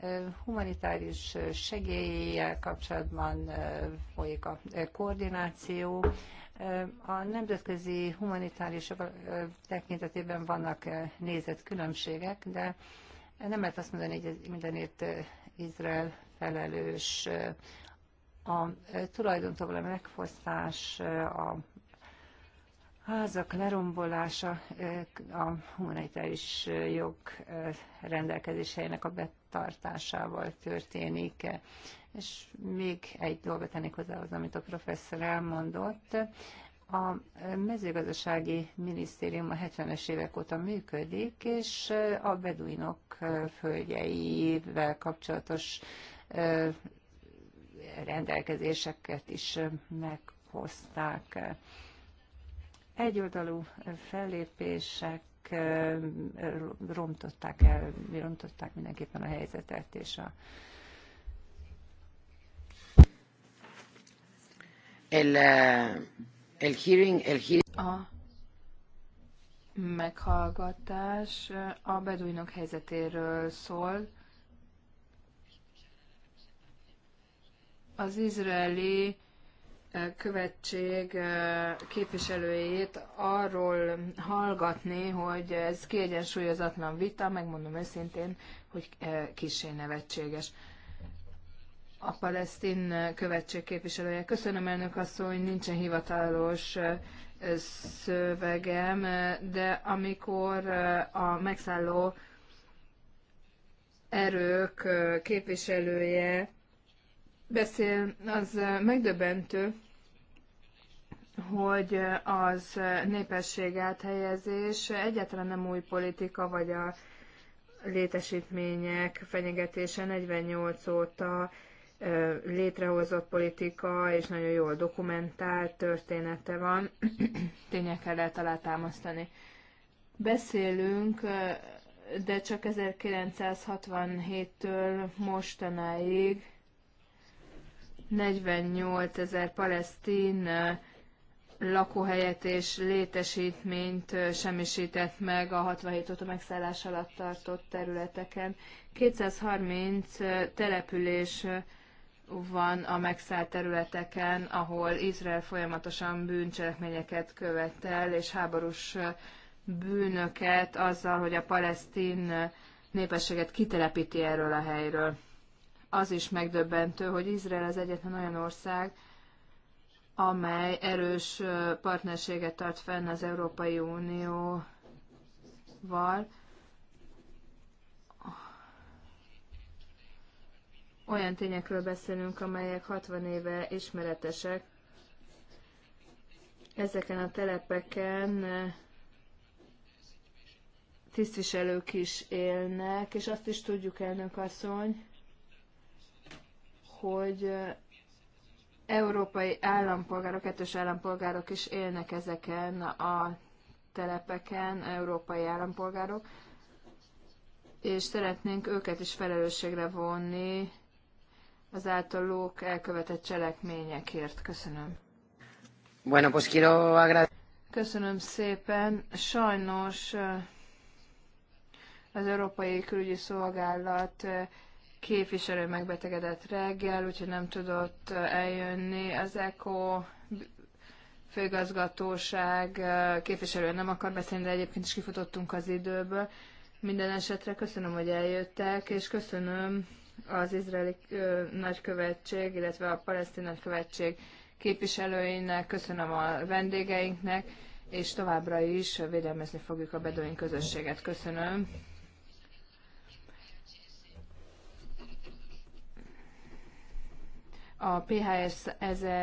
Eh, humanitárius segélyel kapcsolatban folyik a koordináció, a nemzetközi humanitárius tekintetében vannak nézetkülönbségek, de nem lehet azt mondani, hogy mindenért Izrael felelős a e, tulajdontól megfosztás, e, a házak lerombolása, e, a humanitáris jog rendelkezéseinek a betartásával történik. És még egy dolgot tennék hozzá az, amit a professzor elmondott. A mezőgazdasági minisztérium a 70-es évek óta működik, és a beduinok földjeivel kapcsolatos rendelkezéseket is meghozták. Egyoldalú fellépések rontották el, rontották mindenképpen a helyzetet és a El, el hearing, el hearing. A meghallgatás a beduinok helyzetéről szól. az izraeli eh, követség eh, képviselőjét arról hallgatni, hogy ez kiegyensúlyozatlan vita, megmondom őszintén, hogy eh, kissé nevetséges. A palesztin követség képviselője. Köszönöm, elnök asszony, nincsen hivatalos szövegem, de amikor a megszálló erők képviselője beszél, az megdöbbentő, hogy az népesség áthelyezés egyáltalán nem új politika, vagy a létesítmények fenyegetése 48 óta létrehozott politika, és nagyon jól dokumentált története van, tényekkel lehet alátámasztani. Beszélünk, de csak 1967-től mostanáig 48 ezer palesztin lakóhelyet és létesítményt semmisített meg a 67 óta megszállás alatt tartott területeken. 230 település van a megszállt területeken, ahol Izrael folyamatosan bűncselekményeket követel, és háborús bűnöket azzal, hogy a palesztin népességet kitelepíti erről a helyről az is megdöbbentő, hogy Izrael az egyetlen olyan ország, amely erős partnerséget tart fenn az Európai Unióval. Olyan tényekről beszélünk, amelyek 60 éve ismeretesek. Ezeken a telepeken tisztviselők is élnek, és azt is tudjuk, elnök asszony, hogy európai állampolgárok, kettős állampolgárok is élnek ezeken a telepeken, európai állampolgárok, és szeretnénk őket is felelősségre vonni az általuk elkövetett cselekményekért. Köszönöm. Bueno, pues quiero agradecer. Köszönöm szépen. Sajnos eh, az Európai Külügyi Szolgálat eh, képviselő megbetegedett reggel, úgyhogy nem tudott eljönni. Az ECO főigazgatóság képviselő nem akar beszélni, de egyébként is kifutottunk az időből. Minden esetre köszönöm, hogy eljöttek, és köszönöm az izraeli nagykövetség, illetve a palesztin nagykövetség képviselőinek, köszönöm a vendégeinknek, és továbbra is védelmezni fogjuk a beduin közösséget. Köszönöm. a PHS 1000